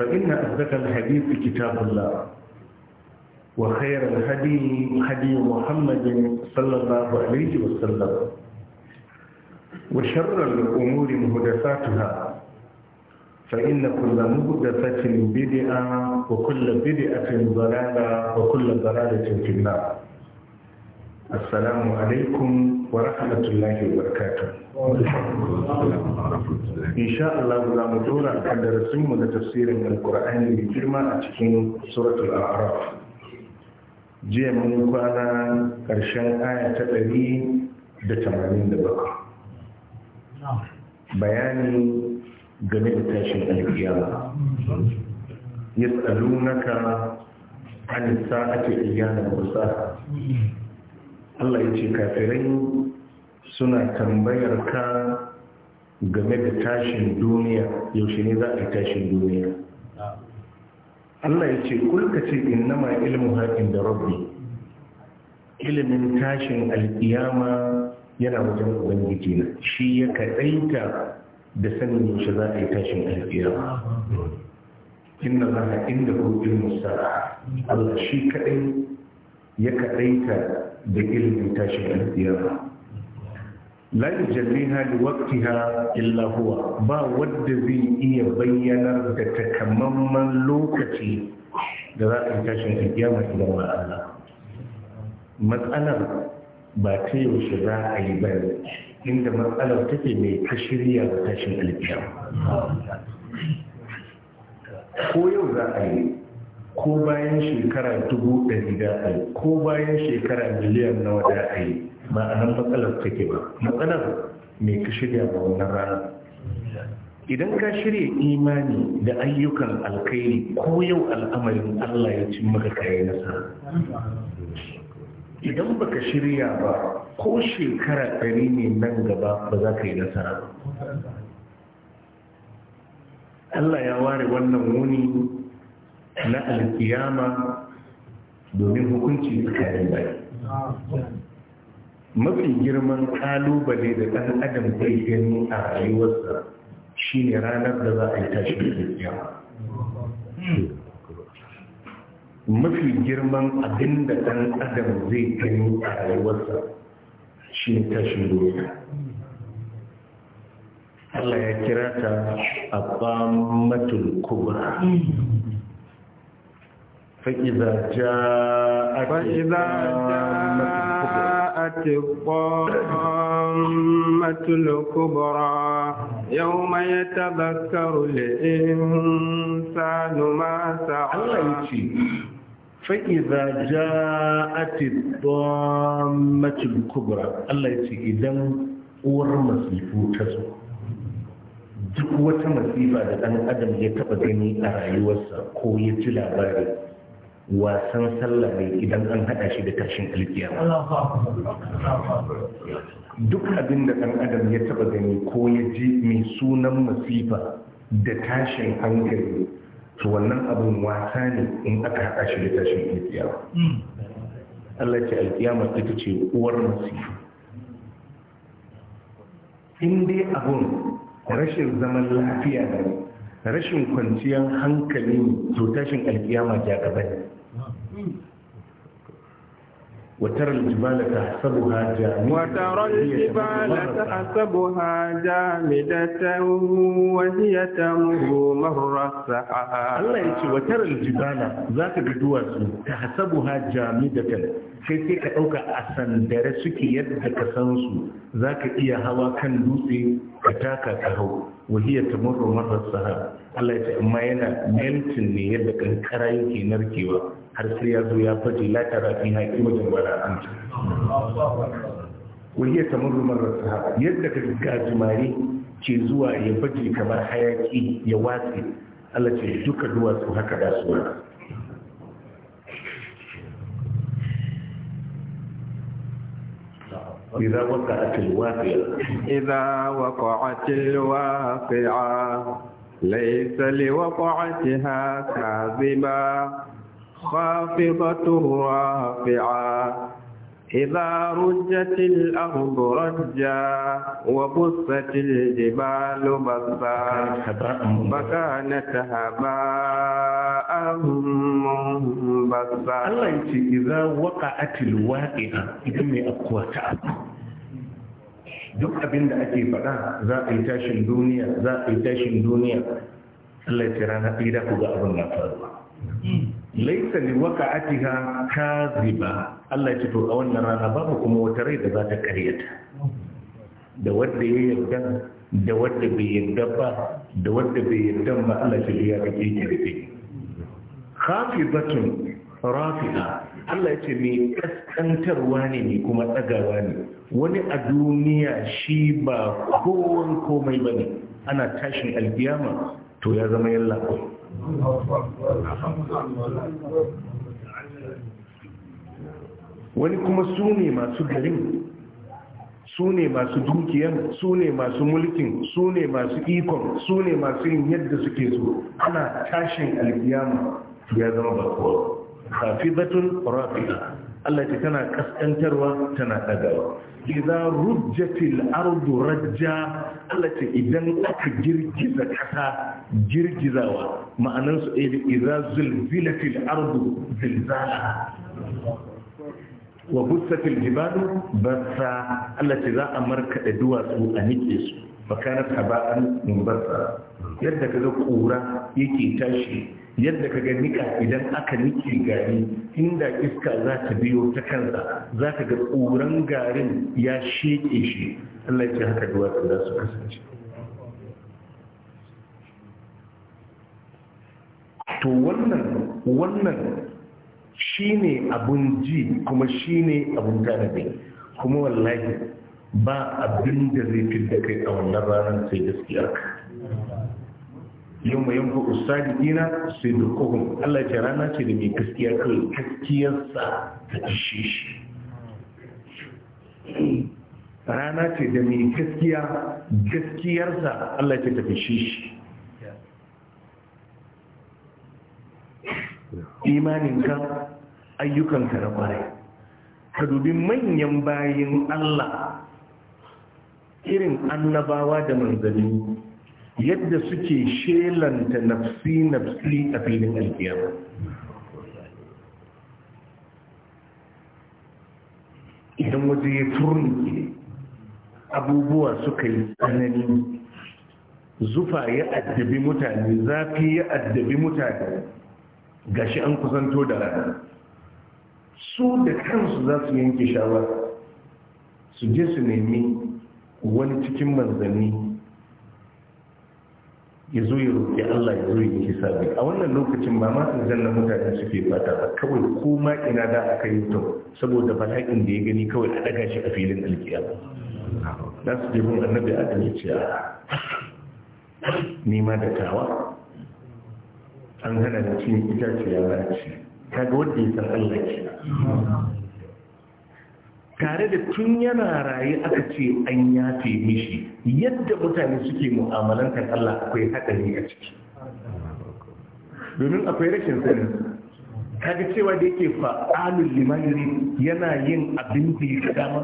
فإن أصدق الحديث كتاب الله وخير الهدي هدي محمد صلى الله عليه وسلم وشر الأمور مهدفاتها فإن كل مهدفة بدعة وكل بدعة ضلالة وكل ضلالة في النار assalamu alaikum wa rahmatullahi wa barakatuh insha Allah mu dora kan darasin mu na tafsirin alkur'ani girma a cikin suratul a'raf jiya mun kwana ƙarshen aya ta ɗari da tamanin da ba'a. bayani game da tashin alkiyama yas'alunaka an sa'ati iyana musa Allah ya ce kafirai suna tambayar ka game da tashin duniya yaushe ne za a tashin duniya Allah ya ce kulka ce innama ilmu haƙin da rabbi ilimin tashin alƙiyama yana wajen ubangiji na shi ya kaɗaita da sanin yaushe za a yi tashin alƙiyama inna a inda ko ilmu sa'a Allah shi kaɗai ya kaɗaita da ilimin tashin alƙiyama la yujalliha li waqtiha illa huwa ba wanda zai iya bayyanar da takamamman lokaci da za a yi tashin alƙiyama idan ba Allah matsalar ba ta yaushe za a yi ba inda matsalar take mai ta shirya da tashin alƙiyama ko yau za a yi ko bayan shekara dubu ɗari da a ko bayan shekara miliyan nawa da a nan ma'anar matsalar take ba matsalar mai ka shirya ba wannan rana idan ka shirya imani da ayyukan alkairi ko yau al'amarin allah ya ci maka kayi nasara idan baka shirya ba ko shekara ɗari ne nan gaba ba za ka yi nasara ba allah ya ware wannan wuni na alkiyama domin hukunci tsakanin bai mafi girman kalubale da ɗan adam zai gani a rayuwarsa shine ranar da za a yi tashi alkiyama mafi girman abin da ɗan adam zai gani a rayuwarsa shi ne da duniya Allah ya kira ta a bamatul kubra فإذا جاءت فإذا جاءت الطامة الكبرى يوم يتذكر الإنسان ما سعى فإذا جاءت الطامة الكبرى الله يتي إذا ورمى سيفوتته duk wata masifa da ɗan adam ya taɓa gani a rayuwarsa ko ya labari wasan sallah ne idan an haɗa shi da tashin alkiyama duk abin da ɗan adam ya taɓa gani ko ya ji mai sunan masifa da tashin hankali to wannan abin wasa ne in aka hada shi da tashin alkiyama hmm. Allah ce alkiyama ita ce uwar masifa in dai abun rashin zaman lafiya ne rashin kwanciyar hankali to tashin alkiyama ja gaba ne وترى الجبال تحسبها جامدة وترى الجبال تحسبها جامدة وهي تمر مر السحاب الله يقول وترى الجبال ذات الدواس تحسبها جامدة sai sai ka ɗauka a sandare suke yadda ka san su za ka iya hawa kan dutse ka taka ka hau wahiyar ta murro marar Allah ya ce amma yana melton ne yadda kankara yake narkewa har sai ya zo ya faɗi latara fi haƙi wajen wala an ta wahiyar ta murro marar yadda ka gajimare ke zuwa ya baje kamar hayaƙi ya watse Allah ce duka duwatsu haka da su إذا وقعت الواقعة إذا وقعت الواقعة ليس لوقعتها كاذبا خافضة رافعة إذا رجت الأرض رجا وبست الجبال بصا فكانت هباء منبصا الله يقول إذا وقعت الواقعة إذا ما أقوى duk abin da ake faɗa za a yi tashin duniya za a yi tashin duniya Allah ya ce rana ɗaya ku ga na faruwa laisa li waqa'atiha kaziba Allah ya to a wannan rana babu kuma wata rai da za ta karyata da wanda ya yarda da wanda bai yarda ba da wanda bai yarda ba Allah ya ya kike kirfi khafidatun rafi'a Allah ya ce mai kaskantarwa ne ne kuma tsagawa ne wani a duniya shi ba kowon komai bane ana tashin alkiyama to ya zama yalla wani kuma su ne masu garin su ne masu dukiyan su ne masu mulkin su ne masu ikon su ne masu yin yadda suke so ana tashin alkiyama ya zama bakuwa batun rafi'a Allah ce tana kaskantarwa tana ɗagawa Iza rujjatil ardu rajja Allah ce idan aka girgiza kasa girgizawa ma'anar su ɗaya idza zulzilatil ardu zilzala wa bussatil jibalu bassa Allah ce za a markaɗa duwatsu a nike su fa kanat haba'an yadda ka yadda kaga kura yake tashi yadda ka ga nika idan aka nike gari inda iska za ta biyo ta kansa za ta ga tsoron garin ya sheke shi Allah ya ce haka duwatsu za su kasance to wannan wannan shine abun ji kuma shine abun tanadi kuma wallahi ba abin da zai fi da kai a wannan ranar sai gaskiyarka yau mai yanku ustadi dina sai da kogon Allah ce rana ce da mai gaskiya kawai gaskiyarsa ta ishe shi rana ce da mai gaskiya gaskiyarsa Allah ce ta ishe shi ka ayyukanka na kwarai ka dubi manyan bayin Allah irin annabawa da manzanni yadda suke shelanta nafsi nafsi a filin alkiyama idan waje ya turni abubuwa suka yi tsanani zufa ya addabi mutane zafi ya addabi mutane gashi an kusanto da rana su da kansu za su yanke shawara su je su nemi wani cikin manzanni ya zo ya Allah ya zo ya yi sabi a wannan lokacin ba ma aljanna mutane suke fata ba kawai ko ina da aka yi to saboda bala'in da ya gani kawai a daga shi a filin alkiyama Na su je annabi adam ya ce ah, nima da tawa an gana da cin itaciya na ce kaga wanda ya san Allah ke tare da tun yana raye aka ce an yafe mishi yadda mutane suke mu'amalantar Allah akwai haɗari a ciki domin akwai rashin sani kaga cewa da yake fa'alul limayri yana yin abin da ya dama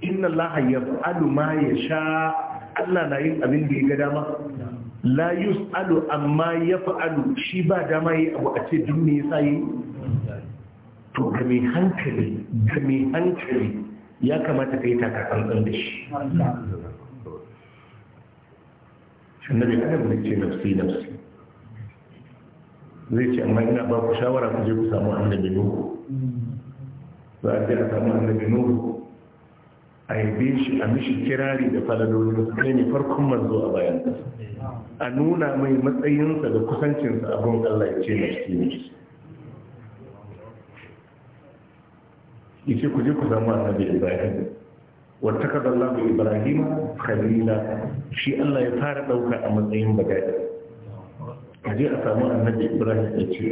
inna ya yaf'alu ma yasha Allah na yin abin da ya dama la alu amma yaf'alu shi ba dama yi abu a ce dun me yasa yi to ga mai hankali ga mai hankali ya kamata ka yi takatsantsan da shi da adam ne ce nafsi nafsi zai ce amma ina ba ku shawara ku je ku samu annabi nuhu za a je a samu annabi nuhu a bin shi a mishi kirari da falalolin kai ne farkon manzo a bayan a nuna mai matsayinsa da kusancinsa abin allah ya ce nafsi nafsi yace ku je ku samu annabi Ibrahim wa takadallahu Ibrahim khalila shi Allah ya fara dauka a matsayin bagaji a je a samu annabi Ibrahim ya ce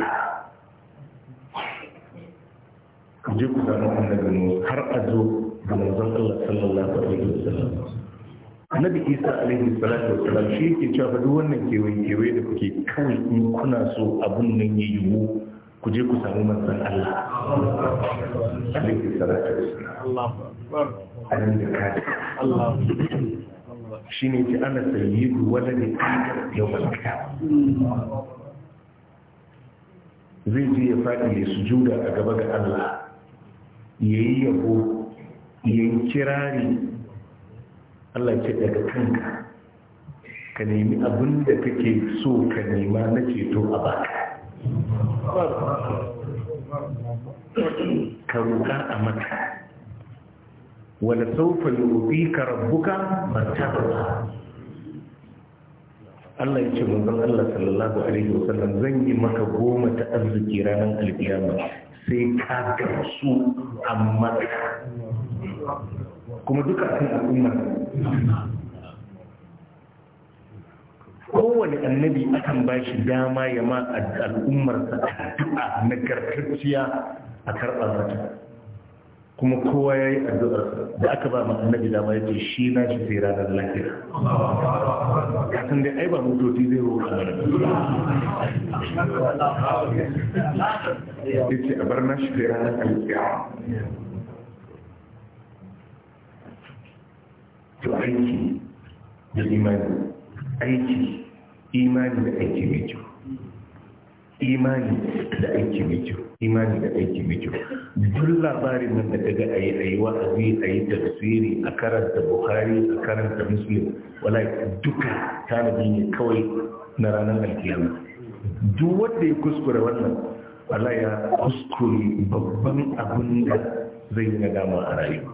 ku je ku samu annabi Musa har a zo ga manzon Allah sallallahu alaihi wasallam annabi Isa alaihi salatu wasallam shi yake cewa duk wannan kewaye kewaye da kuke kawai in kuna so abun nan ya yiwu ku je ku samu manzan Allah alaihi salatu wassalam da shine ki ana sayyidu wala ne yawmal qiyamah zai je ya faɗi ya sujuda a gaba ga Allah yayi yabo yayi kirari Allah ce daga kanka ka nemi abin da kake so ka nema na ceto a baka ka roƙa a mata wani saufa yubi ka rabbuka fatabara Allah ya ce manzon Allah sallallahu alaihi wasallam zan yi maka goma ta arziki ranar alkiyama sai ka gamsu a mata kuma duka kan al'ummar kowane annabi akan ba shi dama ya ma al'ummarsa addu'a na gargajiya a karɓar mata kuma kowa ya yi addu'ar da aka ba annabi dama ya ce shi na shi sai ranar lahira kasan dai ai ba mutoci zai roƙa ba ya ce a bar na shi sai ranar alƙiyawa to aiki da imani aiki imani da aiki mai kyau imani da aiki mai kyau imani da aiki mai kyau duk labarin nan da kaga ayi ayi wa'azi ayi tafsiri a karanta bukhari a karanta muslim wala duka na ne kawai na ranar alkiyama duk wanda ya kuskure wannan wala ya kuskure babban abin da zai yi nadama a rayuwa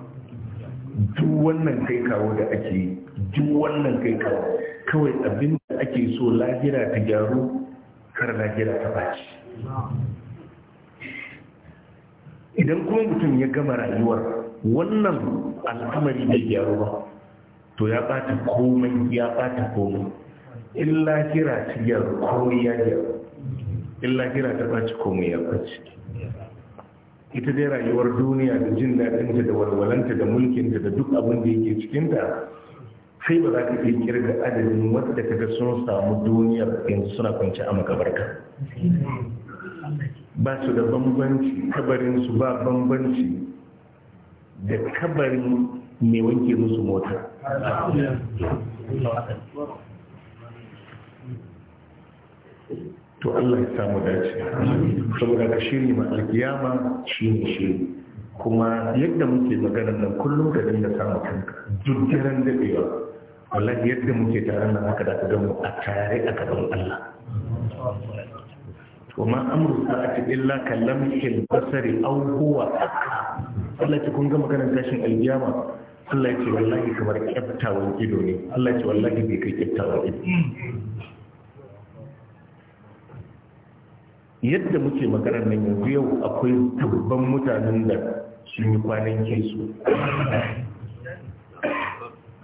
duk wannan kai kawo da ake duk wannan kai kawo kawai abin da ake so lahira ta gyaru kar lahira ta baci idan kuma mutum ya gama rayuwar wannan al'amari da gyaru ba to ya bata komai ya bata komai in lahira ta gyaru komai ya gyaru in lahira ta baci komai ya baci ita dai rayuwar duniya da jin daɗinta da walwalanta da mulkinta da duk abin da yake cikinta Sai ba za ka iya kirga adadin wanda ga sun samu duniyar yanzu suna kwanci a makabarka ba su da bambanci kabarin su ba bambanci da kabarin mai wanke musu mota to Allah ya samu dace saboda ka shiri ma alkiyama shi ne shi kuma yadda muke maganar nan kullum ka dinga samu kanka duk daren daɗewa wallahi yadda muke tare nan haka da ga a tare a gaban Allah kuma a sa'ati illa kallamhil basari aw huwa Allah ce kun ga maganar tashin alkiyama Allah ya ce wallahi kamar kyaftawan ido ne Allah ya ce wallahi bai kai kyaftawan ido yadda muke maganar nan yanzu yau akwai tabban mutanen da sun yi kwanan kesu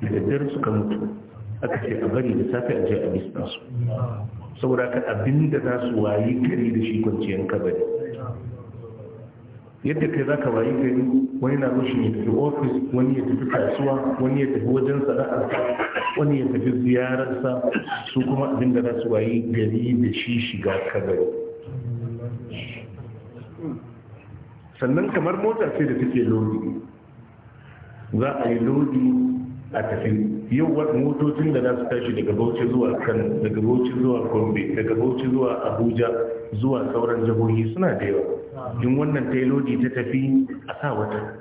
da daddare suka mutu aka ce a bari da safe a je a bisa su saboda ka abin da za su wayi gari da shi kwanciyar kabari yadda kai za ka wayi gari wani na rushe ya tafi ofis wani ya tafi kasuwa wani ya tafi wajen sana'arsa wani ya tafi ziyararsa su kuma abin da za su wayi gari da shi shiga kabari sannan kamar mota ce da take lodi za a yi lodi a tafi yau wata motocin da za su tashi daga bauchi zuwa kan daga bauchi zuwa gombe daga bauchi zuwa abuja zuwa sauran jihohi suna da yawa in wannan tailodi ta tafi a sa wata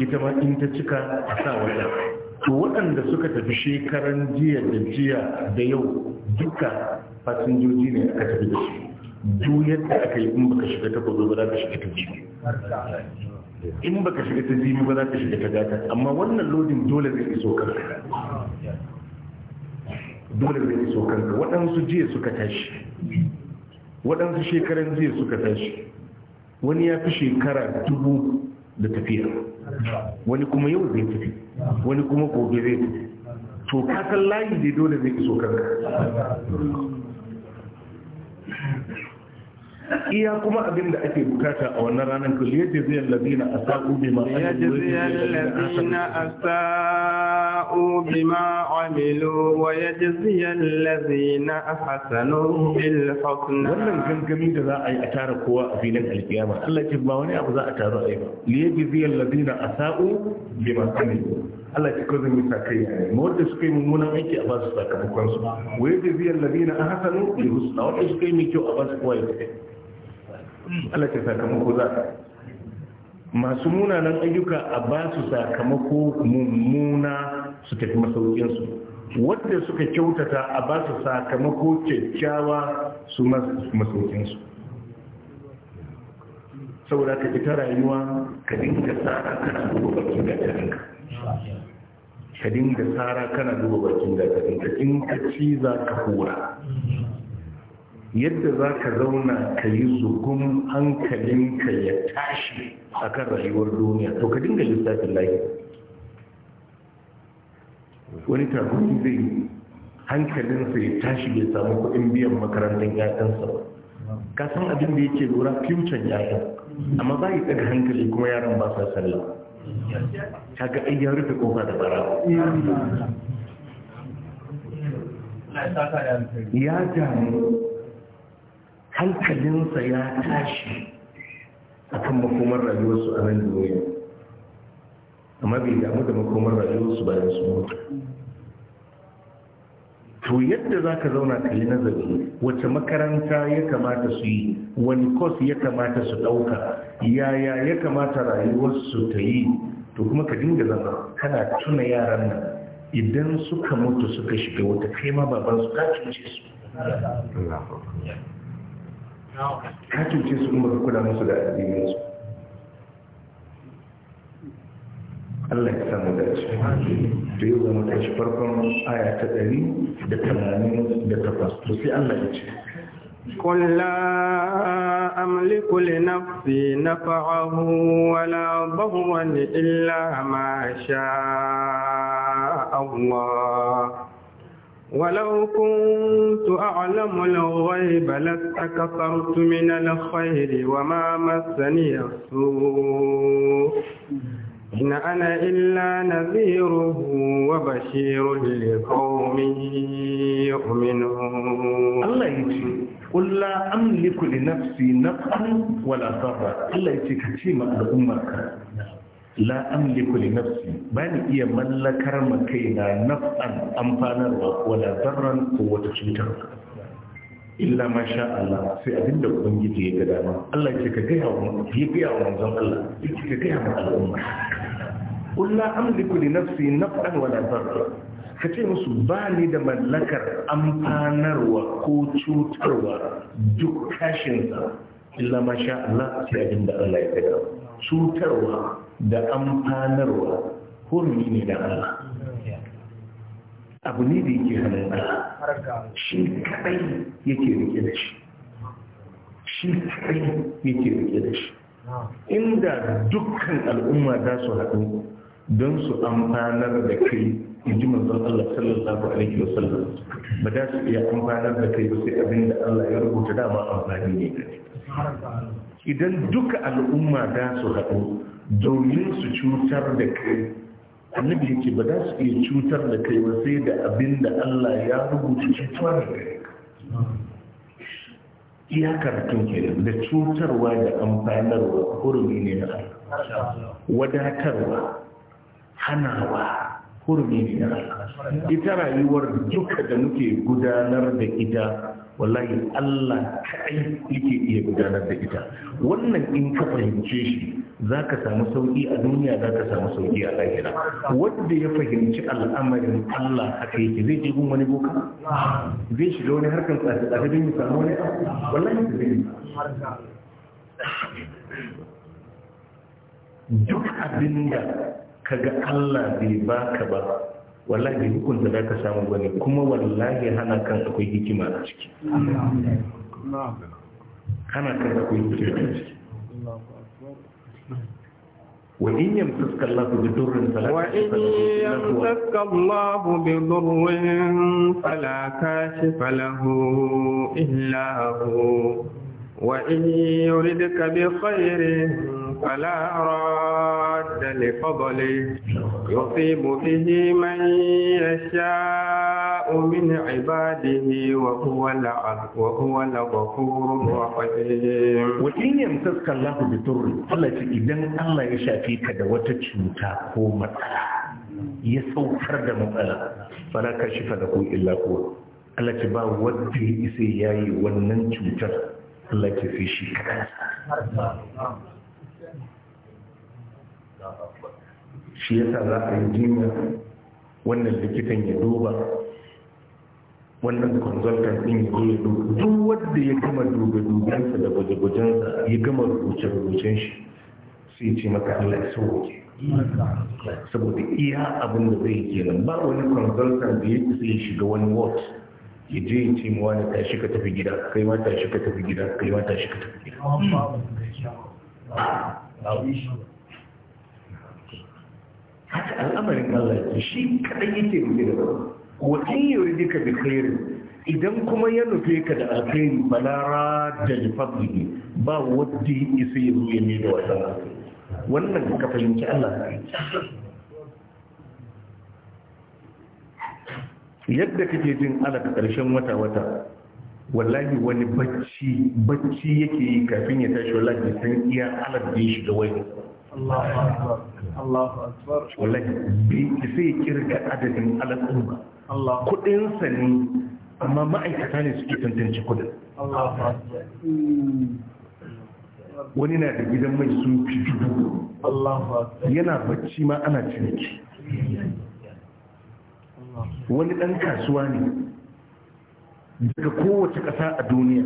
ita ma in ta cika a sa wata to waɗanda suka tafi shekaran jiya da jiya da yau duka fasinjoji ne aka tafi da su duk yadda aka yi in baka shiga ta ba za ka shiga ta biyu in ba ka shiga ta zimi ba za ka shiga ta gata amma wannan lodin dole zai iso kanka dole zai iso kanka waɗansu jiya suka tashi waɗansu shekaran jiya suka tashi wani ya fi shekara dubu da tafiya wani kuma yau zai tafi wani kuma gobe zai tafi to kasan layi dai dole zai iso kanka iya kuma abin da ake bukata a wannan ranar to ya ce zai lalazina a sa'u bi ma ya ce zai lalazina a sa'u bi ma amilu wa ya ce zai lalazina a hasanu bil wannan gangami da za a yi a tara kowa a filin alkiyama Allah ce ba wani abu za a taru a yi ba li ya ce zai a sa'u bi ma amilu Allah ce kawai mai sakai ne ma wanda suka yi mummunan aiki a basu sakamakon su wa ya ce zai lalazina a hasanu bi hukna wanda suka yi mai kyau a basu kowa ya Allah ce sakamako za ka masu munanan ayyuka a ba su sakamako mummuna su tafi masaukinsu wadda suka kyautata a ba su sakamako kyakkyawa su masaukinsu saboda ka fita rayuwa ka dinga tsara kana duba bakin gatarinka ka dinga tsara kana duba bakin gatarinka in ka ci za ka hura yadda za ka zauna ka yi zugun hankalinka ya tashi a kan rayuwar duniya to ka dinga lissafin layi wani takwai zai hankalinsa ya tashi bai samu kuɗin biyan makarantar ya'yansa ba ka san abin da yake lura fiucan yaya amma ba yi hankali kuma yaran ba sa sallah ta ga ai ya rufe kofa da bara ya damu hankalinsa ya tashi akan makomar rayuwarsu a nan duniya amma bai damu da makomar rayuwarsu bayan su mutu to yadda za ka zauna ka yi nazari wace makaranta ya kamata su yi wani kos ya kamata su ɗauka yaya ya kamata rayuwarsu ta yi to kuma ka dinga zama kana tuna yaran nan idan suka mutu suka shiga wata kai ma baban su ka cuce su ka cuce su kuma ka kula musu da addininsu Allah ya samu shi to yau zama ta shi farkon aya ta ɗari da tamanin da takwas to sai Allah ya ce قل لا أملك لنفسي نفعه ولا ضرا إلا ما شاء الله ولو كنت أعلم الغيب لاستكثرت من الخير وما مسني السوء إن أنا إلا نذير وبشير لقوم يؤمنون الله يجي قل لا أملك لنفسي نفعا ولا ضرا الله يجي كتيمة لأمك la amliku li nafsi bani iya mallakar ma kai na naf'an amfanarwa ko la darran ko wata cutarwa illa ma sha Allah sai abinda ubangiji ya ga dama Allah ce ka gaya wa ya gaya wa manzon Allah yake ka gaya wa al'umma qul la amliku li nafsi naf'an wa la darran ka ce musu ba ni da mallakar amfanarwa ko cutarwa duk kashin sa. illa ma sha Allah sai abinda Allah ya ga dama cutarwa da amfanarwa hurumi ne da Allah abu ne da yake hannun Allah shi kaɗai yake rike da shi shi kaɗai yake rike da shi inda dukkan al'umma za su haɗu don su amfanar da kai in ji manzon Allah sallallahu alaihi wa sallam ba za su iya amfanar da kai sai abin da Allah ya rubuta dama amfani ne idan duka al'umma za su haɗu domin su cutar da kai annabi yake ba za su iya cutar da kai ba sai da abin da Allah ya rubuta cutar da kai iyakar tun ke da cutarwa da amfanarwa hurumi ne na Allah wadatarwa hanawa hurumi ne na Allah ita rayuwar duka da muke gudanar da ita wallahi Allah kaɗai yake iya gudanar da ita wannan in ka fahimce shi za ka samu sauƙi a duniya za ka samu sauƙi a lahira wanda ya fahimci al'amarin Allah haka yake zai je wani boka zai shiga wani harkar tsafi tsafi don yi samu wani wallahi ta zai duk abin da ka ga Allah bai baka ba wallahi bai hukunta za ka samu wani kuma wallahi hana kan akwai hikima a ciki hana kan akwai hikima a ciki وإن يمسك الله بضر فلا وإن يمسك الله بضر فلا كاشف له إلا هو وإن يردك بخير فلا راد لفضله يصيب به من يشاء من عباده وهو وهو الغفور الرحيم وإن يمسك الله بضر الله إذا الله يشافيك دوتك ko matsala ya saukar da matsala fara ka shi fada ko Allah ce ba wadda ya isa yayi wannan cutar Allah ke fi shi shi sa za a yi jinya wannan likitan ya duba wannan consultant ɗin ya ya duba duk wadda ya gama duba dubensa da gwaje-gwajensa ya gama rubuce-rubucen shi sai ce maka Allah ya sauke saboda iya abin da zai nan ba wani consultant da ya isa ya shiga wani ward ya je ya ce mu wani tashi ka tafi gida kai ma tashi ka tafi gida kai ma tashi ka tafi gida haka al'amarin Allah ya shi kadai yake rufe da ba wa in yuri ka da khairin idan kuma ya nufe ka da alkhairi balara da fadlihi ba wadda isa ya zo ya da wannan wannan ka fahimci Allah yadda kake jin alaka ƙarshen wata-wata wallahi wani bacci bacci yake yi kafin ya tashi wallahi san iya alaf din shi ga wai wallahi bai sai kirga adadin alaf din ba kudin sa ne amma ma'aikata ne suke tantance kudin wani na da gidan mai sun fi dubu yana bacci ma ana ciniki wani ɗan kasuwa ne daga kowace ƙasa a duniya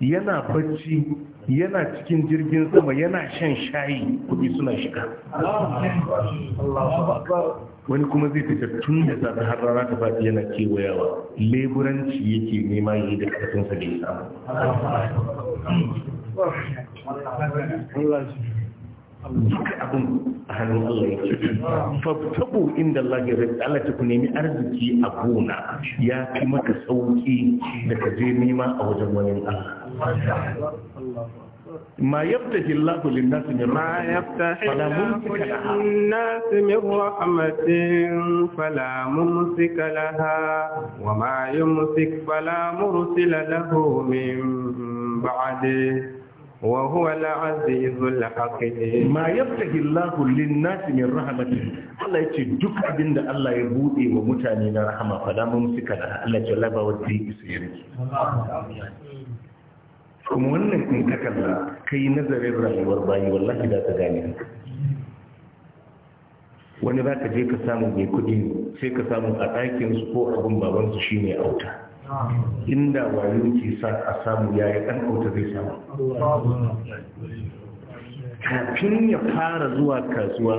yana bacci yana cikin jirgin sama yana shan shayi kuɗi suna shiga wani kuma zai fita tun da zafi har rana ta faɗi yana kewayawa leburanci yake nema yi da ƙarfinsa da ya samu duka abin a hannun Allah yake fabtaku inda Allah ya rai Allah ta ku nemi arziki a gona ya fi maka sauki da ka je nema a wajen wani Allah ما يفتح الله للناس من رحمة ما يفتح الله للناس من رحمة فلا ممسك لها وما يمسك فلا مرسل له من بعده wa huwa al-azizul hakim ma yaftahi Allahu lin-nasi min rahmatihi Allah yace duk abinda Allah ya buɗe wa mutane na rahma! fa da mun suka da Allah ya laba wa dai isiri kuma wannan in ka kalla nazarin rayuwar bayi wallahi da ka gane wani za ka je ka samu mai kudi sai ka samu a ɗakinsu ko abin babansu shine auta inda wayo ke sa a samu yayi dan kauta zai samu kafin ya fara zuwa kasuwa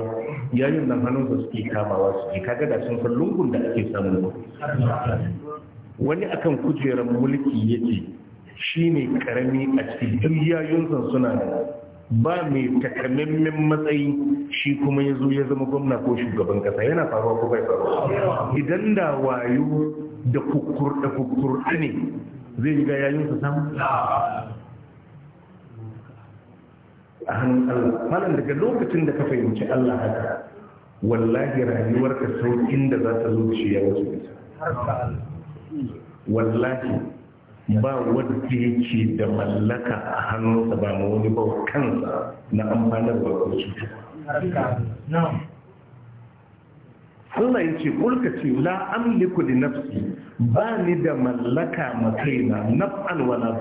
yayin nan hannunsa suke kamawa suke kaga da sun san lungun da ake samu wani akan kujerar mulki yake shi ne karami a cikin duk yayunsa suna ba mai takamaimin matsayi shi kuma ya zo ya zama gwamna ko shugaban kasa yana faruwa ko bai faruwa idan da wayo da kukkurɗe ne zai yi ga su sam a hannun Allah malam daga lokacin da ka fahimci Allah haka wallahi rayuwarka saukin da za ta zo ya wasu ya wallahi ba wanda yake da mallaka a hannunsa ba ma wani ba kansa na amfanarwa ko cuta Allah ya ce mulka ce la amliku li nafsi ba ni da mallaka ma naf'an wa la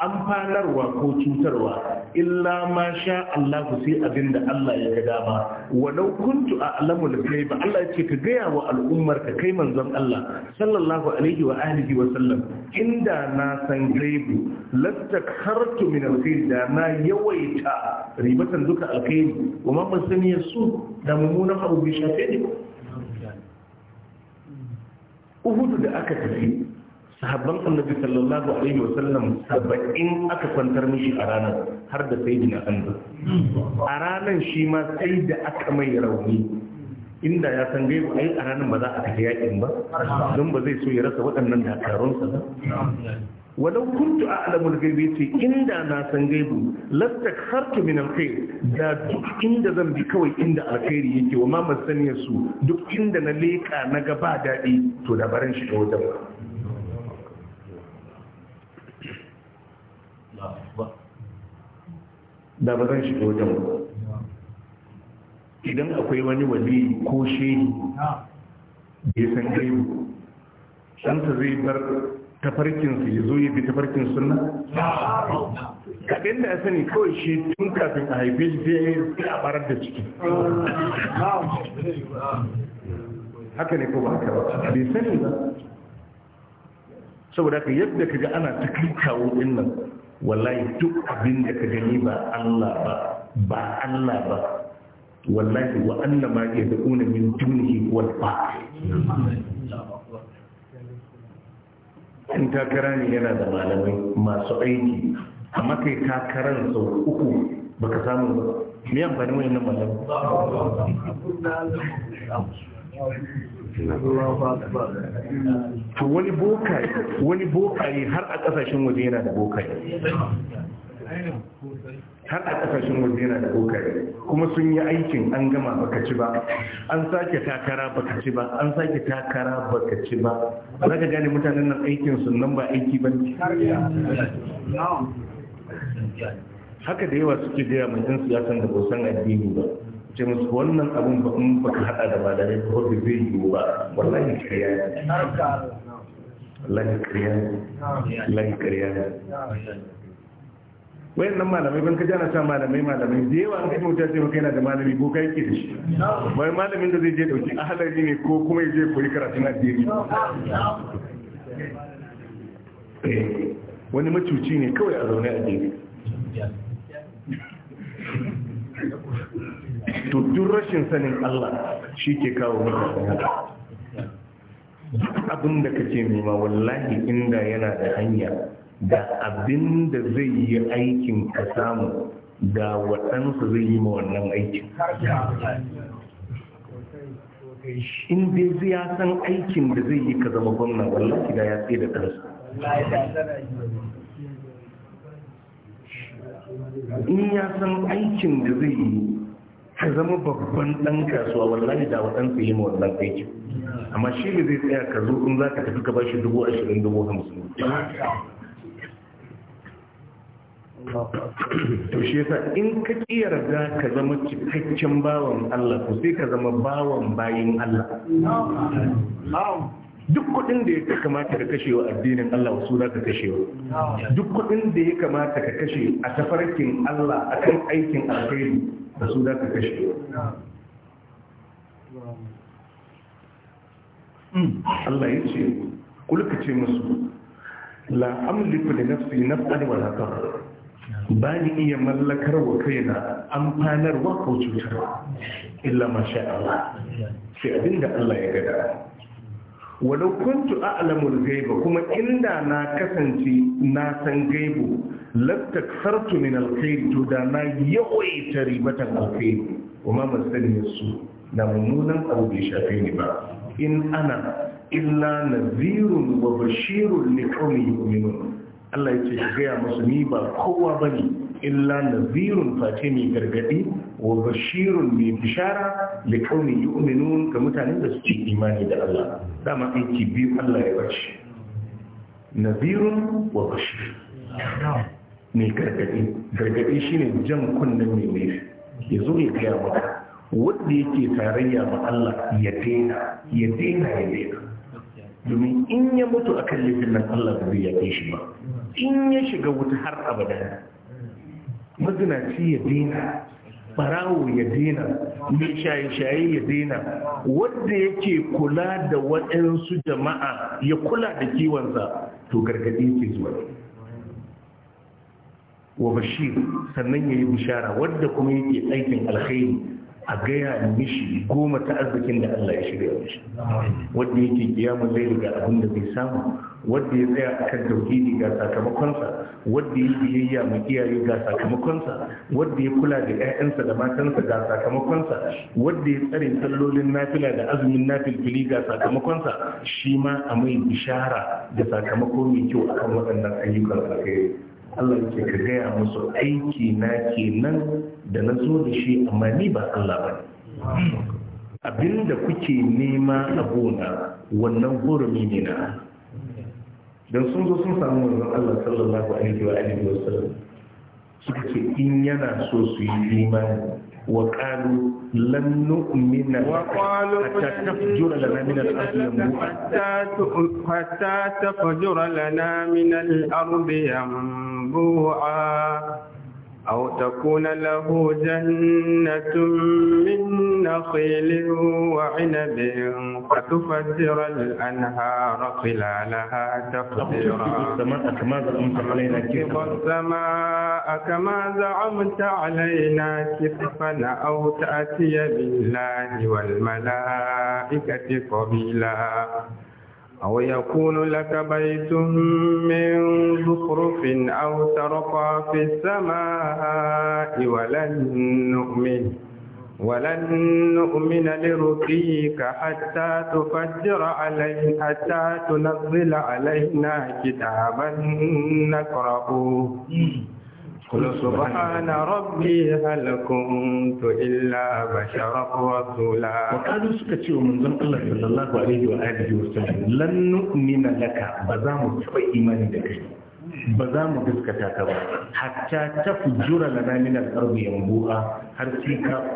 amfanarwa ko cutarwa illa ma sha Allah sai abinda Allah ya ga dama walau kuntu a'lamu al-ghaib Allah ya ce ka gaya wa al'ummar ka kai manzon Allah sallallahu alaihi wa alihi wa sallam inda na san gaibu lattakhartu min al-ghaib da na yawaita ribatan duka alkhairi wa ma sani su da mummunan abu bi shafe ne uhudu da aka tafi sahabban annabi sallallahu alaihi wa sallam saba'in aka kwantar mishi a ranar har da sai dina a ranar shi ma sai da aka mai rauni inda ya san gaibu ai a ranar ba za a tafi yakin ba don ba zai so ya rasa waɗannan dakarunsa ba walau kuntu a alamul gaibi ce inda na san gaibu lastak hartu min alkhair da duk inda zan bi kawai inda alkhairi yake wa mamar saniyar su duk inda na leƙa na gaba daɗi to da baran shi ga wajen ba da ba zan shiga wajen ba idan akwai wani wali ko shehi ya san gaibu ɗansa zai bar tafarkinsu ya zo ya bi tafarkin sunna kaɗin da ya sani kawai shi tun kafin a haife shi sai a barar da ciki haka ne ko ba haka ba bai sani ba saboda ka yadda ka ga ana ta kawo ɗin nan wallahi duk abin da ka gani ba Allah ba ba Allah ba wallahi wa annama ya da'una min dunihi wal ba. in takara ne yana da malamai masu aiki amma kai takarar sau uku baka samu ba me amfani wani nan malam to wani bokaye wani bokaye har a kasashen waje yana da bokaye har a kasashen waje yana da kokari kuma sun yi aikin an gama baka ci ba an sake takara baka ci ba an sake takara baka ci ba ba za ka gane mutanen nan aikin sun nan ba aiki ba haka da yawa suke gaya mai yan siyasan da san addini ba ce musu wannan abun ba in baka hada da malamai ko da zai yiwu ba wallahi kariya ne wallahi kariya ne wallahi kariya ne wayan nan malamai ban ka jana sa malamai malamai da yawa an kai mutum sai maka yana da malami ko kai ke da shi wai malamin da zai je dauki ahalari ne ko kuma ya je koyi karatun addini eh, wani macuci ne kawai a zaune a gefe to duk rashin sanin Allah shi ke kawo maka sanar abin da kake nema wallahi inda yana da hanya da abin da zai yi aikin ka samu da waɗansu zai yi ma wannan aikin in dai zai ya san aikin da zai yi ka zama gwamna wallahi da ya tsaye da kansa in ya san aikin da zai yi ka zama babban ɗan kasuwa wallahi da waɗansu yi ma wannan aikin amma shi ne zai tsaya ka zo in za ka tafi ka bashi dubu ashirin dubu hamsin to shi yasa in ka yarda ka zama cikakken bawan Allah ku sai ka zama bawan bayin Allah duk kuɗin da ya kamata ka kashewa addinin Allah wasu za ka kashewa duk kuɗin da ya kamata ka kashe a tafarkin Allah a kan aikin alkhairi wasu za ka kashewa Allah ya ce kulka ce musu la amliku da nafsi naf'an wa la ba ni iya mallakar wa kaina amfanarwa ko cutar. illa ma Allah sai abinda Allah ya gada da kuntu a'lamul ghaiba kuma inda na kasance na san gaibu lattakfartu min alkhair to da na yawaita ribatan alkhair kuma masanin su na mummunan abu bai shafe ni ba in ana illa nadhirun wa bashirun liqawmin yu'minun Allah ya ce gaya musu ni ba kowa ba ne illa nazirun face mai gargadi wa bashirun mai bishara da kauni yu'minun ga mutanen da suke imani da Allah dama aiki biyu Allah ya bace nazirun wa bashir mai gargadi gargadi shine jan kunnen mai laifi ya zo ya gaya maka wanda yake tarayya ma Allah ya daina ya daina ya daina domin in ya mutu akan laifin nan Allah ba zai yafe shi ba in ya shiga wuta har abada mazinaci ya daina, barawo ya daina, mai shaye-shaye ya daina. wanda yake kula da waɗansu jama'a ya kula da kiwonsa to gargaɗi ke zuwa wa bashir sannan ya yi bishara wadda kuma yake aikin alkhairi a gaya mishi goma ta arzikin da Allah ya shirya mishi wanda yake mu zai ga abin da bai samu wanda ya tsaya akan tauhidi ga sakamakonsa Wadda ya biyayya mu iyaye ga sakamakonsa Wadda ya kula da ƴaƴansa da matansa ga sakamakonsa Wadda ya tsare sallolin nafila da azumin nafilfili ga sakamakonsa shi ma a mai bishara da sakamako mai kyau akan waɗannan ayyukan alkhairi Allah yake ka gaya musu aiki na kenan da na zo da shi amma ni ba Allah ba abinda kuke nema a gona wannan gurumi ne na don sun zo sun samu wanzan Allah sallallahu alaihi wa alihi wa sallam suka ce in yana so su yi imani وقالوا لن نؤمن وقالوا حتى تفجر لنا من الأرض ينبوعا حتى تفجر لنا من الأرض ينبوعا أو تكون له جنة من نخيل وعنب فتفجر الأنهار خلالها تفجيرا ونسقط السماء كما زعمت علينا كسفا أو تأتي بالله والملائكة قبيلا أو يكون لك بيت من زخرف أو ترقى في السماء ولن نؤمن ولن نؤمن لرقيك حتى تفجر علي حتى تنزل علينا كتابا نقرأه قل سبحان ربي هل كنت إلا بشرا رسولا وقالوا سكتوا من ذنب الله صلى الله عليه وآله وسلم لن نؤمن لك بزام تبقى إيمان لك ba za mu gaskata ka ba hatta ta fujura lana min al-ardi yanbu'a har sai ka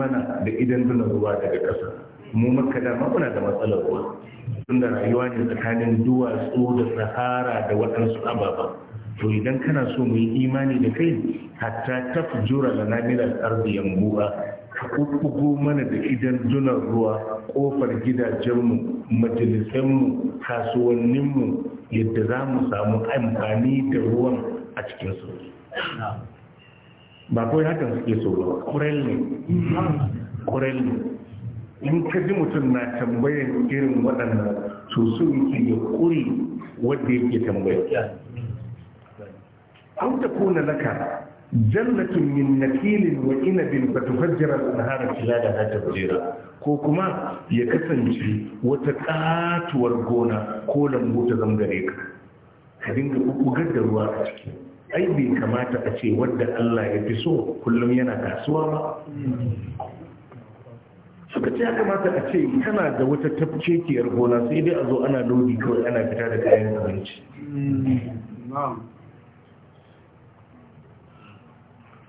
mana da idan duna ruwa daga ƙasa mu maka da muna da matsalar ruwa tunda rayuwa ne tsakanin duwatsu da sahara da waɗansu ababa to idan kana so mu yi imani da kai hatta ta jura da al-ardi yanbu'a ka kukkugo mana da idan dunar ruwa kofar gidajenmu majalisanmu kasuwanninmu yadda za mu samu amfani da ruwan a cikinsu ba kawai hakan suke so ba kurel ne in ka ji mutum na tambayar irin waɗannan su su ya kuri wadda yake tambaya أو تكون لك جنة من نكيل وإنب فتفجر الأنهار خلالها تفجيرا ko kuma ya kasance wata katuwar gona ko lambu ta zangare ka ka dinga kukugar da ruwa a ciki ai bai kamata a ce wadda Allah ya fi so kullum yana kasuwa ba suka ce ya kamata a ce kana da wata tafkekiyar gona sai dai a zo ana lodi kawai ana fita da kayan abinci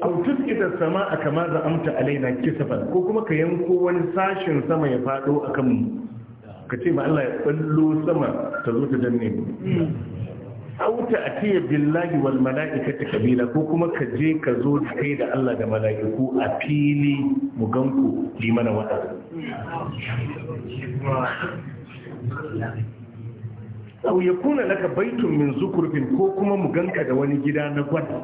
au sama a kama za'amta alaina kisafan ko kuma ka yanko wani sashen sama ya fado kan mu ka ce ma Allah ya ballo sama ta zo ta danne Auta a atiya billahi wal ta kabila ko kuma ka je ka zo da kai da Allah da mala'iku a fili mu ganku limana wa'azi au kuna laka baitun min zukurfin ko kuma mu ganka da wani gida na gwada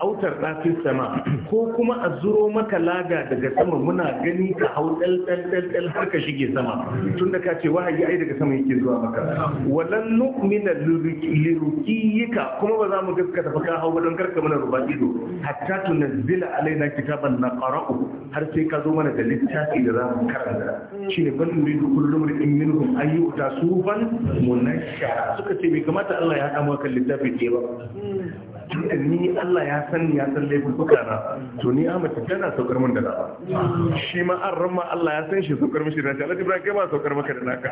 autar ɗakin sama ko kuma a zuro maka laga daga sama muna gani ka hau ɗal har ka shige sama tun da ka ce wahayi ai daga sama yake zuwa maka walan nu'mina lirukiyika kuma ba za mu gaskata fa ka hau don karka mana ruba ido hatta tunazzila alaina kitaban naqra'u har sai ka zo mana da littafi da za mu karanta shine bal nuridu kullu mar'in minhum an sufan munashshara suka ce bai kamata Allah ya haɗa maka littafi ke ba tunda ni Allah ya san ya san laifin na to ni Ahmad tana saukar min da ba, shi ma an ramma Allah ya san shi saukar mishi da Allah Ibrahim kai ba saukar maka da naka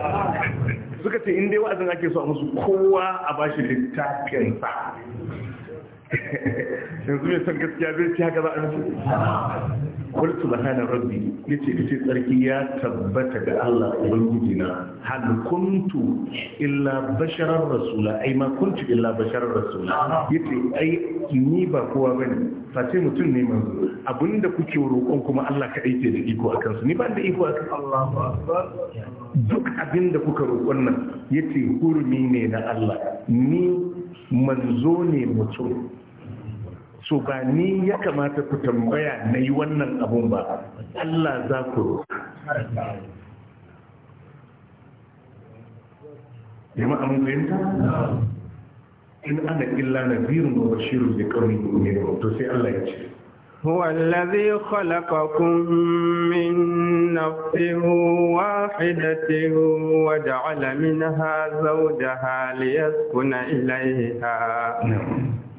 suka ce in dai wa'azin ake so a musu kowa a bashi littafin sa yanzu mai son gaskiya zai ci haka za a rasu su subhana rabbi yace yace tsarki ya tabbata ga Allah ubangiji na hal kuntu illa basharar rasula ai ma kuntu illa basharar rasula Ya ce ai ni ba kowa bane face mutum ne manzo abinda kuke roƙon kuma Allah ka aike da iko a kansu. ni ba da iko a kansu. duk abinda kuka roƙon nan ya ce hurmi ne na Allah ni manzo ne mutum so ba ni ya kamata ku tambaya na yi wannan abun ba Allah za ku in ana illa na birin wa bashirun da kawai ne to sai Allah ya ce هو الذي خلقكم من نفس واحدة وجعل منها زوجها ليسكن إليها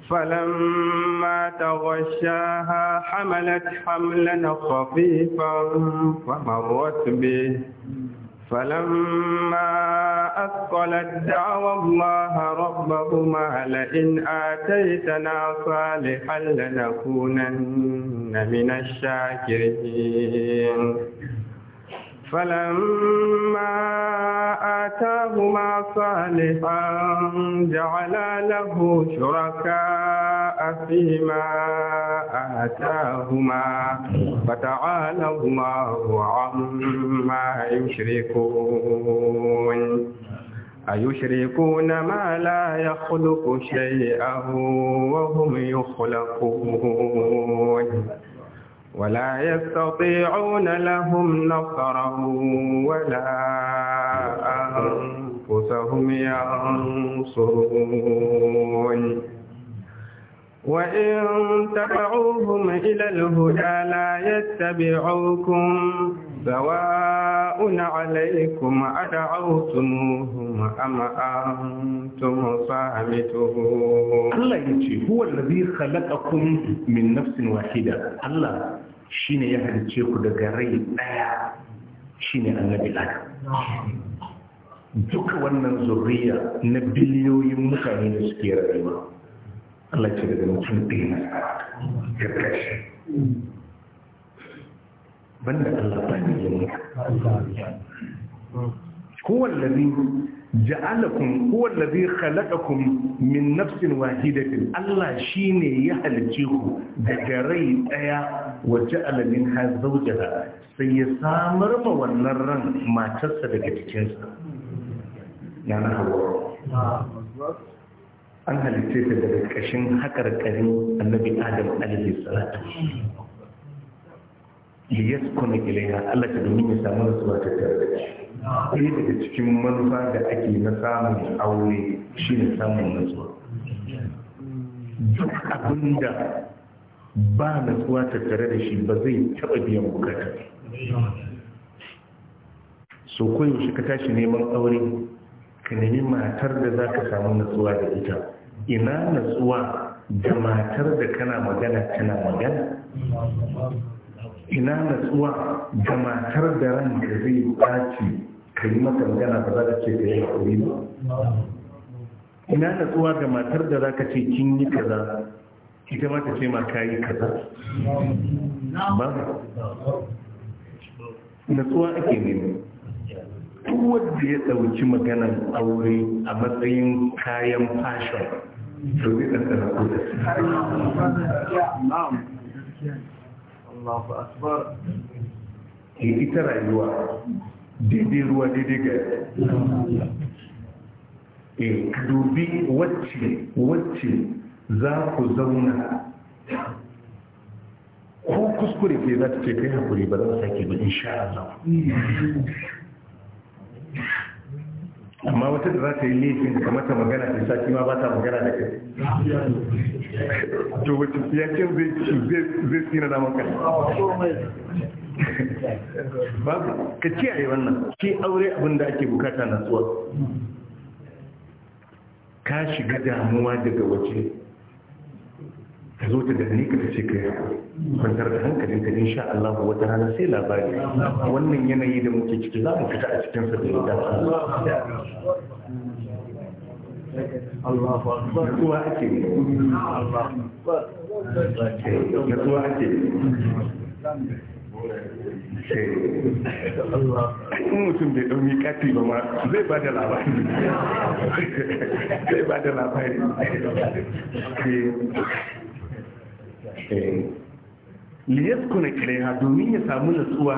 فلما تغشاها حملت حملا خفيفا فمرت به فلما أثقلت دعوى الله ربهما لئن آتيتنا صالحا لنكونن من الشاكرين فلما آتاهما صالحا جعلا له شركاء فيما آتاهما فتعالى الله عما يشركون أيشركون ما لا يخلق شيئا وهم يخلقون ولا يستطيعون لهم نصرا ولا أنفسهم ينصرون وإن تبعوهم إلى الهدى لا يتبعوكم سواءنا عليكم أدعوتموهم أم أنتم صامتهم الله يجي هو الذي خلقكم من نفس واحدة الله شين يهد شيخ دقري شين النبي آدم duka wannan zurriya na biliyoyin mutane da suke rayuwa Allah ce daga mutum ɗaya na ƙarƙashi banda Allah ba ne هو الذي جعلكم هو الذي خلقكم من نفس واحدة الله شيني يهلكيه دجري ايا وجعل منها زوجها سيسامر مولرن ما تسدك تكنسا يعني هو an halitta ta daga ƙashin النبي annabi adam alaihi salatu ya yaskuna ilaiha Allah ta domin ya samu nutsuwa ta tare da shi ɗaya daga cikin manufa da ake na samun aure shi ne samun nutsuwa duk abin da ba nutsuwa ta tare da shi ba zai taɓa biyan bukata so shi ka tashi neman aure ka nemi matar da za ka samu nutsuwa da ita ina nutsuwa da matar da kana magana tana magana ina natsuwa ga matar da ran da zai buƙaci ka yi mata magana ba za ka ce ka yi haƙuri ba ina natsuwa ga matar da za ka ce kin yi kaza ita ma ta ce ma ka yi kaza ba natsuwa ake nemi duk wanda ya ɗauki maganar aure a matsayin kayan fashon to zai ɗanɗana ko da Allahu akbar ke ita rayuwa daidai ruwa daidai ga e dubi wacce wacce za ku zauna ko kuskure ke za ta ce kai hakuri ba za ta sake ba insha Allah amma wata da za ta yi laifin da mata magana ta sha ma ba ta magana da kai to wacce yakin zai tsina na maka babu ka kiyaye wannan ke aure abin da ake bukata na tsuwa ka shiga damuwa daga wacce ka zo ta gani ka ce ka kwantar da hankalin ka insha Allah wata rana sai labari wannan yanayi da muke ciki za mu fita a cikin sa da yadda Allah natsuwa ake natsuwa in mutum bai ɗau miƙati ba ma zai ba da labari zai ba da labari Eh. liyaskuna ilaiha domin ya samu natsuwa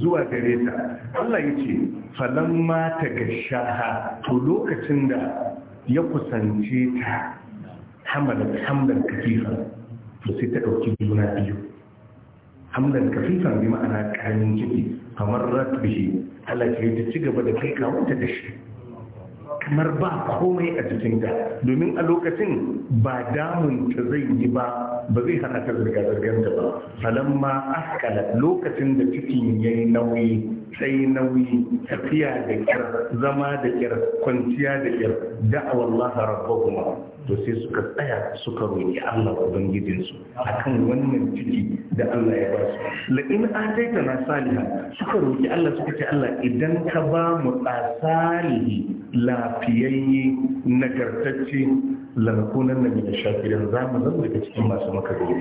zuwa gare ta Allah ya ce ma ta gashaha to lokacin da ya kusance ta hamalar hamdan kafifa to sai ta ɗauki juna biyu hamdan kafifa bi ma'ana kayan ciki kamar ratbihi Allah ya ce ta ci gaba da kai kawunta da shi kamar ba komai a jikinta domin a lokacin ba damun ta zai yi ba ba zai hana ta zirga-zirganta ba ma askala lokacin da cikin ya yi nauyi sai nauyi tafiya da kyar zama da kyar kwanciya da kyar da'awar Allah kuma to sai suka tsaya suka roƙi Allah ubangijinsu akan wannan ciki da Allah ya ba su la in ataita na saliha suka roƙi Allah suka ce Allah idan ka ba mu salihi lafiyayye nagartacce lanakunan na mina shafirin za mu zama daga cikin masu makarori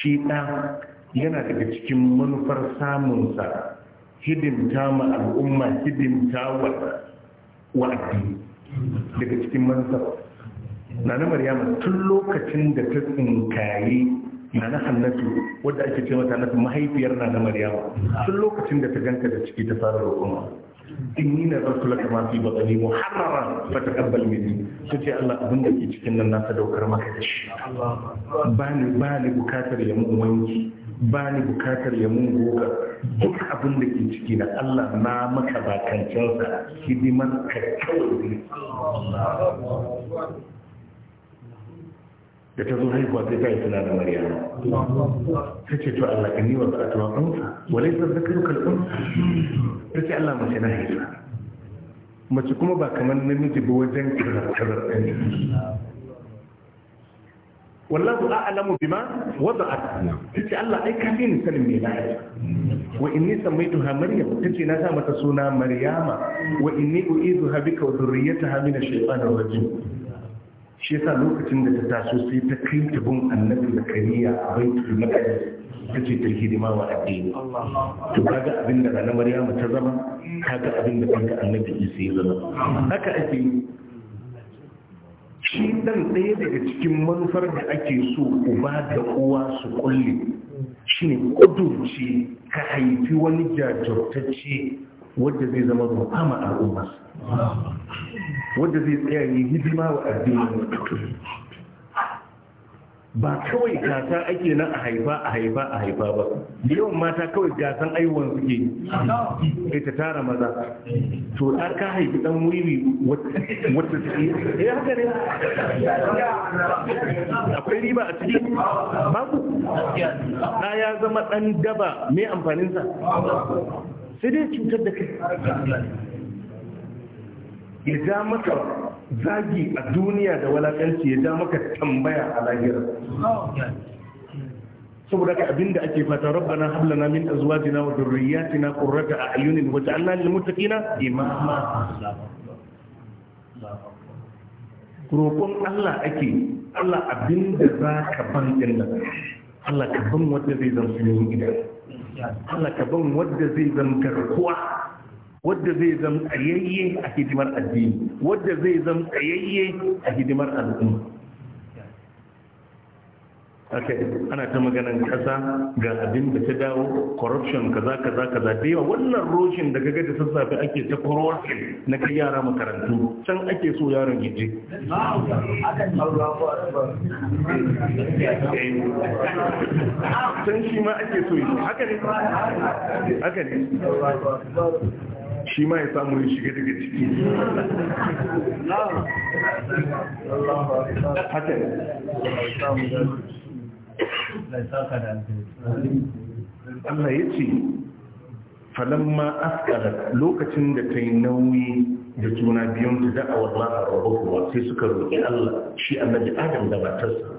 shi ɗa yana daga cikin manufar samunsa hidimta ma al'umma hidimta wa addini daga cikin mansar na na maryama tun lokacin da ta tsinkayi na na hannatu wadda ake ce mata na mahaifiyar na na maryama tun lokacin da ta ganka da ciki ta fara in inni na zartu laka ma fi batani ba ta kabbal mini su ce Allah abin da ke cikin nan na sadaukar maka da shi ba ni ba bukatar ya mu wanki ba ni bukatar ya mun goga duk abin da ke ciki na Allah na maka bakancinsa hidimar ka kawai da ta zo haihuwa sai ta yi tana da maryam ta ce to Allah ka niwa ba a tuwa ɗansa wale zan da yi kalɓar ta ce Allah mace na haifa mace kuma ba kamar namiji ba wajen karar karar ɗan wallahu a'lamu bima wada'at tace Allah ai ka ni sanin me na yi wa inni samaituha maryam tace na sa mata suna maryama wa inni u'izuha bika wa dhurriyyataha min ash-shaytanir rajim shi yasa lokacin da ta taso sai ta kai tabun annabi zakariya a baitul maqdis ta ce ta hidima wa addini to kaga abin da ranar maryama ta zama kaga abin da kanka annabi isa ya zama haka ake yi shi ɗan ɗaya daga cikin manufar da ake so uba da kowa su kulle shi ne kudurci ka haifi wani jajirtacce wadda zai zama rufama al'ummas wadda zai tsaya yi hidima wa addinin ba kawai gasa ake nan a haifa a haifa a haifa ba yawan mata kawai gasan aiwon suke kai ta tara maza to an ka haifi dan wiwi wata ciki eh haka ne akwai riba a ciki babu na ya zama ɗan daba me amfaninsa sai dai cutar da kai ya ja maka zagi a duniya da walakanci ya ja maka tambaya a lahira saboda ka abinda ake fata rabbana hab lana min azwajina wa dhurriyyatina qurrata a'yunin waj'alna lil muttaqina imama roƙon Allah ake Allah abinda za ka ban din nan Allah ka ban wanda zai zama sunan gidan Allah ka ban wanda zai zama garkuwa wadda zai zama tsayayye a hidimar addini wadda zai zama tsayayye a hidimar al'umma aka ana ta maganar kasa ga abin da ta dawo corruption kaza kaza kaza da yawa wannan roshin da gaga da sassafe ake ta corruption na kai yara makarantu can ake so yaron ya je eh, can shi ma ake so yi haka ne haka ne shi ma ya samu shiga daga ciki Allah ya ce falamma askara lokacin da ta yi nauyi da juna biyun ta da'awar lafa rahotowa sai suka roƙi Allah shi annabi Adam da matarsa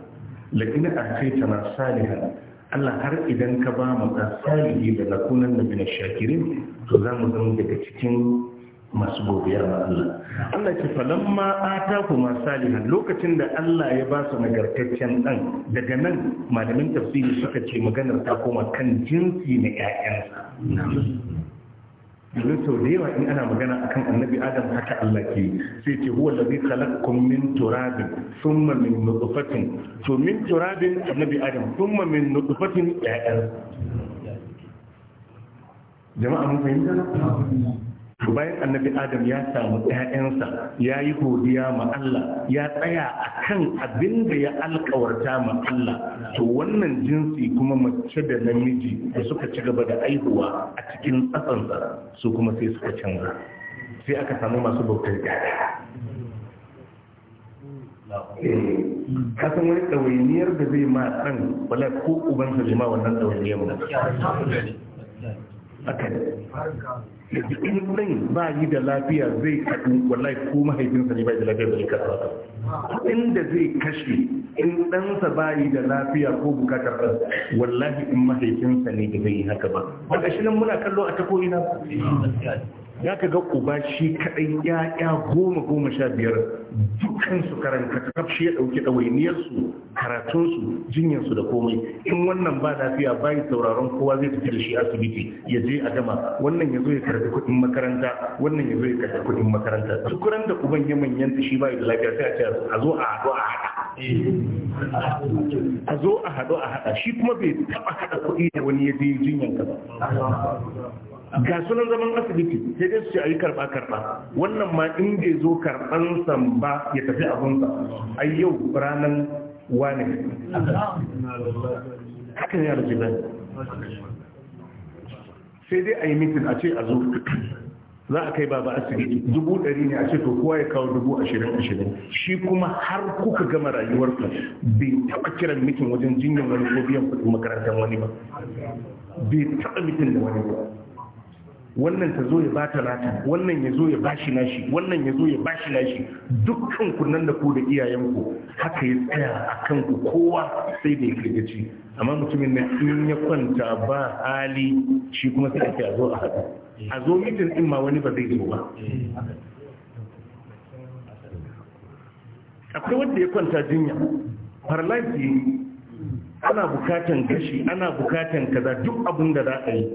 Lagina a kai tana salihan Allah har idan ka ba mu ɗan salihi da lakunan da bin shakirin to za mu zama daga cikin masu godiya ba Allah Allah ce a ta kuma salihan lokacin da Allah ya ba su nagartaccen ɗan, daga nan malamin tafsiri suka ce maganar ta koma kan jinsi na ƴaƴansa Yanzu sau da yawa in ana magana a kan annabi adam haka Allah ke sai ce huwa allazi khalaqakum min turabin thumma min nutsufatin. to min turabin annabi adam thumma min nutsufatin ƴaƴansa jama'a mun fahimta bayan annabi adam ya samu ƴaƴansa ya yi godiya ma Allah ya tsaya a kan abin da ya alkawarta ma Allah to wannan jinsi kuma mace da namiji da suka ci gaba da aihuwa a cikin tsatsansa su kuma sai suka canza sai aka samu masu bautar ƴaƴa eh, kasan wani ɗawainiyar da zai ma ɗan wala ko ubansa jima wannan ɗawainiyar mu haka ne yanzu in ɗin ba yi da lafiya zai kaɗu wallahi ko mahaifinsa ne ba yi da lafiya zai kasa ba kuɗin da zai kashe in ɗansa ba yi da lafiya ko bukatar ɗan wallahi in mahaifinsa ne da zai yi haka ba ba ga shi nan muna kallo a ta ko ina ya ka ga uba shi kaɗai ya'ya goma goma sha biyar dukkan su karanta shi ya ɗauki ɗawainiyarsu karatunsu jinyarsu da komai in wannan ba lafiya bayi sauraron kowa zai fita da shi asibiti ya je a gama wannan ya zo ya karɓi kuɗin makaranta wannan ya zo ya karɓi kuɗin makaranta duk ran da uban ya manyanta shi ba da lafiya sai a ce a zo a haɗu a haɗa a zo a haɗu a haɗa shi kuma bai taɓa haɗa kuɗi da wani ya je jinyar ka ba ga sunan zaman asibiti sai dai su ce a yi karɓa karɓa wannan ma in bai zo karɓan san ba ya tafi abunsa a yau ranar wane hakan ya rage sai dai a yi mitin a ce a zo za a kai baba asibiti dubu ɗari ne a ce to kowa ya kawo dubu ashirin ashirin shi kuma har kuka gama rayuwarsa bai taɓa kiran mitin wajen jinyar wani ko biyan kuɗin makarantar wani ba bai taɓa mitin da wani ba wannan ta zo ya bata nata wannan ya zo ya bashi nashi wannan ya zo ya bashi nashi dukkan ku nan da ku da iyayenku haka ya tsaya a kan ku kowa sai da ya kirgaci amma mutumin na in ya kwanta ba hali shi kuma sai ake a zo a haɗu a zo mitin din ma wani ba zai zo ba akwai wanda ya kwanta jinya farlaki ana bukatan gashi ana bukatan kaza duk abin da za a yi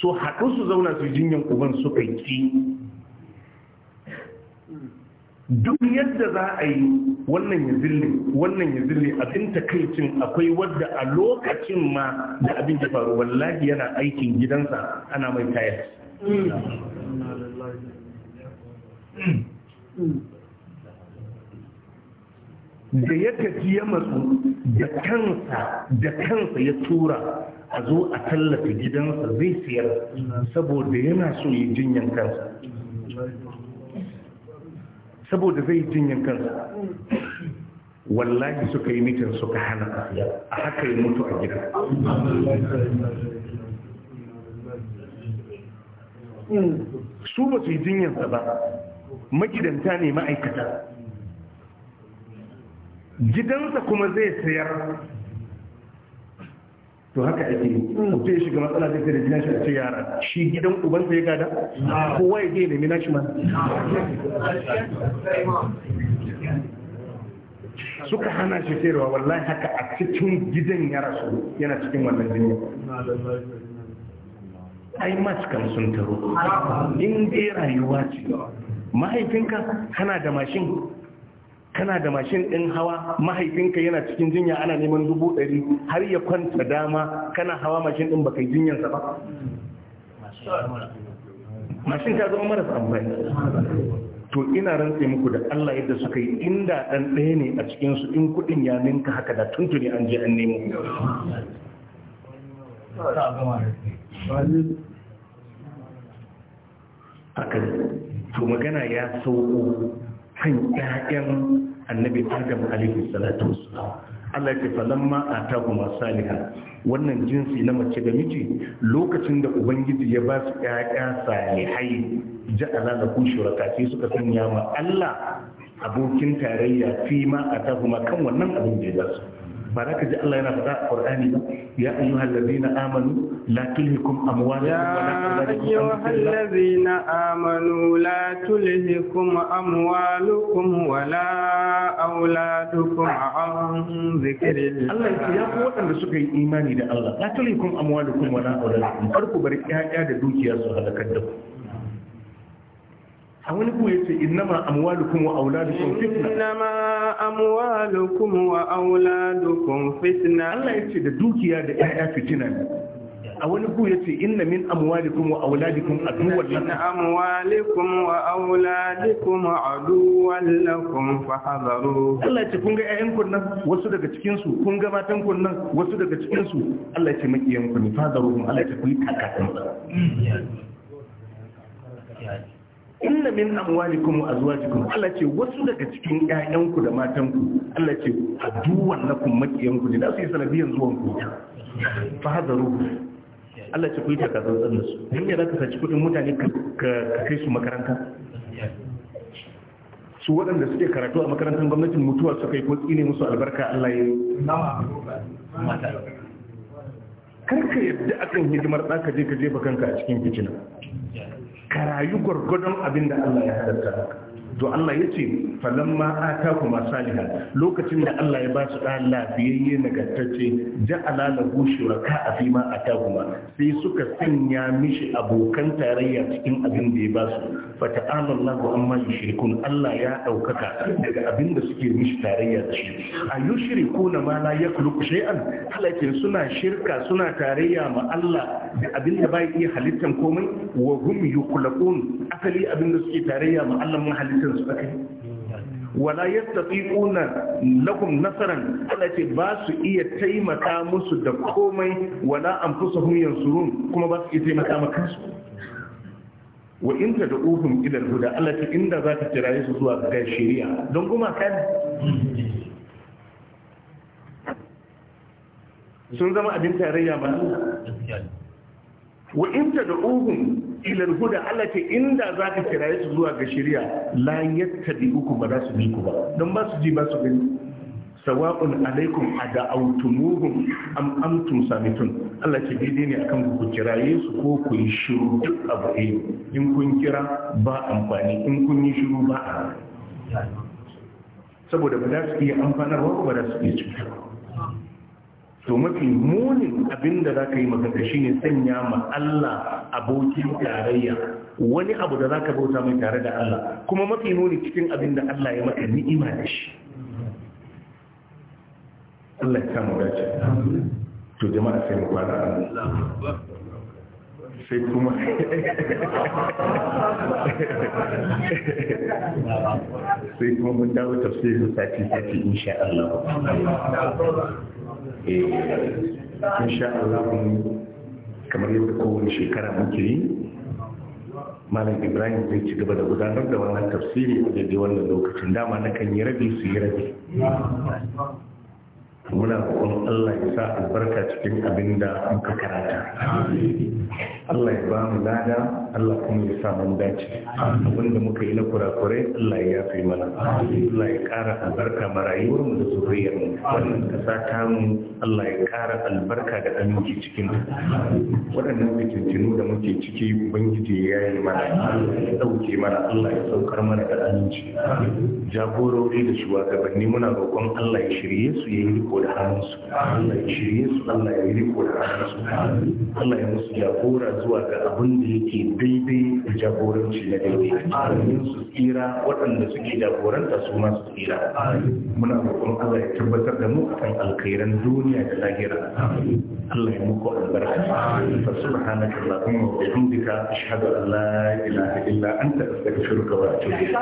Su haɗu su zauna su jinyan uban su ki duk yadda za a yi wannan ya zille wannan ya zille abin takaicin akwai wadda a lokacin ma da abin ya faru wallahi yana aikin gidansa ana mai tayar da ya tafi ya matsu da kansa da kansa ya tura a zo a tallafi gidansa zai siyar saboda yana so yi jinyan kansa saboda zai jinyan kansa wallahi suka yi mitin suka hana a haka yi mutu a gida su ba su yi jinyansa ba magidanta ne ma'aikata gidansa kuma zai sayar to haka ake yi mutum ya shiga matsala da da jina shi a ce yara shi gidan ubansa ya gada kowa ya je nemi nashi ma suka hana shi sayarwa wallahi haka a cikin gidan ya rasu yana cikin wannan jinya ai kan sun taro in dai rayuwa ce mahaifinka kana da mashin kana da mashin ɗin hawa mahaifinka yana cikin jinya ana neman dubu ɗari har ya kwanta dama kana hawa mashin ɗin baka yi jinyansa ba mashin ta zama marasa amfani to ina rantse muku da Allah yadda suka yi inda ɗan ɗaya ne a cikinsu in kuɗin ya ninka haka da tuntuni an je an nemo akan to magana ya sauko kan ƴaƴan annabi adam alaihi salatu wassalam Allah ke ma a kuma saliha. wannan jinsi na mace da miji lokacin da ubangiji ya ba su ƴaƴa salihai ja'ala da kun shuraka sai suka sanya ma Allah abokin tarayya fi ma a kuma kan wannan abin da ya ba su ba za ka ji Allah yana faɗa a Qur'ani ba ya ayyuhal ladina amanu la tulhikum Amanu la tulhikum amwalukum wala auladukum an zikrillah Allah ya ku waɗanda suka yi imani da Allah la tulhikum amwalukum wala auladukum farko bar ƴaƴa da dukiya su halakar da ku a wani kuma yace innama amwalukum wa auladukum fitna innama amwalukum wa auladukum fitna Allah yace da dukiya da ƴaƴa fitina ne a wani ku yace inna min amwalikum wa auladikum aduwwan lakum inna amwalikum wa auladikum aduwwan lakum fahdharu Allah ce kun ga ƴaƴan kun nan wasu daga cikin su kun ga matan kun nan wasu daga cikin su Allah yace makiyan ku ne fahdharuhum Allah ce ku yi kakatin inna min amwalikum wa azwajikum Allah ce wasu daga cikin ƴaƴanku da matanku Allah ce aduwan nakum makiyanku da su yi sanadiyan zuwan ku fa hadaru Allah ce ku yi takazantsan da su dan ya zaka saki kudin mutane ka kai su makaranta su waɗanda suke karatu a makarantar gwamnatin mutuwa su kai ko tsine musu albarka Allah ya yi karka yadda akan hidimar ɗaka je ka jefa kanka a cikin fitina ka rayu gwargwadon abin da Allah ya halatta maka to Allah ya ce falamma ata kuma salihan lokacin da Allah ya ba su ɗan lafiyayye nagartacce ja'ala lahu shuraka a fima ma ata kuma sai suka sanya mishi abokan tarayya cikin abin da ya ba su fa ta'ala Allahu amma yushrikun Allah ya ɗaukaka daga abin da suke mishi tarayya da shi a yushrikuna ma ya yakhluqu shay'an Allah Halakin suna shirka suna tarayya ma Allah da abin da bai iya halittan komai wa hum yukhlaqun asali abin da suke tarayya ma Allah mun halitta halittar su akai wala yastati'una lakum nasaran Allah ce ba su iya taimaka musu da komai wala anfusuhum yansurun kuma ba su iya taimaka makansu? kansu wa in ta da'uhum ila huda Allah ce inda za ka kiraye su zuwa ga shari'a don kuma kan sun zama abin tarayya ba wa in tad'uhum ila al-huda Allah ce inda za ka kiraye su zuwa ga shari'a la uku ba za su bi ku ba dan ba su ji ba su gani sawa'un alaikum ada'awtumuhum am antum samitun Allah ce daidai ne akan ku kira su ko ku yi shiru duk abu ɗaya in kun kira ba amfani in kun yi shiru ba saboda ba za su iya amfanarwa ba za su iya cutarwa to mafi munin abin da za ka yi shi ne sanya ma Allah abokin tarayya wani abu da za ka bauta mai tare da Allah kuma mafi muni cikin abin da Allah ya maka ni'ima da shi Allah ya samu dace to jama'a sai mu fara sai kuma sai kuma mun dawo tafsirin sati sati insha Allah Eh, sha Allah kamar yadda kowane shekara muke yi malam ibrahim zai ci gaba da gudanar da wannan tafsiri a daidai wannan lokacin dama na kan yi rabi su yi rabi muna roƙon Allah ya sa albarka cikin abin da muka karata. Allah ya ba mu lada Allah kuma ya sa mun dace abin da muka yi na kurakurai Allah ya fi mana Allah ya ƙara albarka ma mu da zuriyar mu wannan sa ta mu Allah ya ƙara albarka da aminci cikin waɗannan fitintinu da muke ciki ubangiji ya yi mana ya ɗauke mana Allah ya saukar mana da aminci jagorori da shugabanni muna roƙon Allah ya shirye su ya yi riko riko da hannunsu Allah ya shirye su Allah ya yi riko da hannunsu Allah ya musu jagora zuwa ga abin da yake daidai da jagoranci na daidai domin su tsira waɗanda suke jagoranta su ma su tsira muna roƙon Allah ya tabbatar da mu akan alkhairan duniya da lahira Allah ya muku albarka fa subhanaka allahumma wa bihamdika ashhadu an la ilaha illa anta astaghfiruka wa atubu ilaik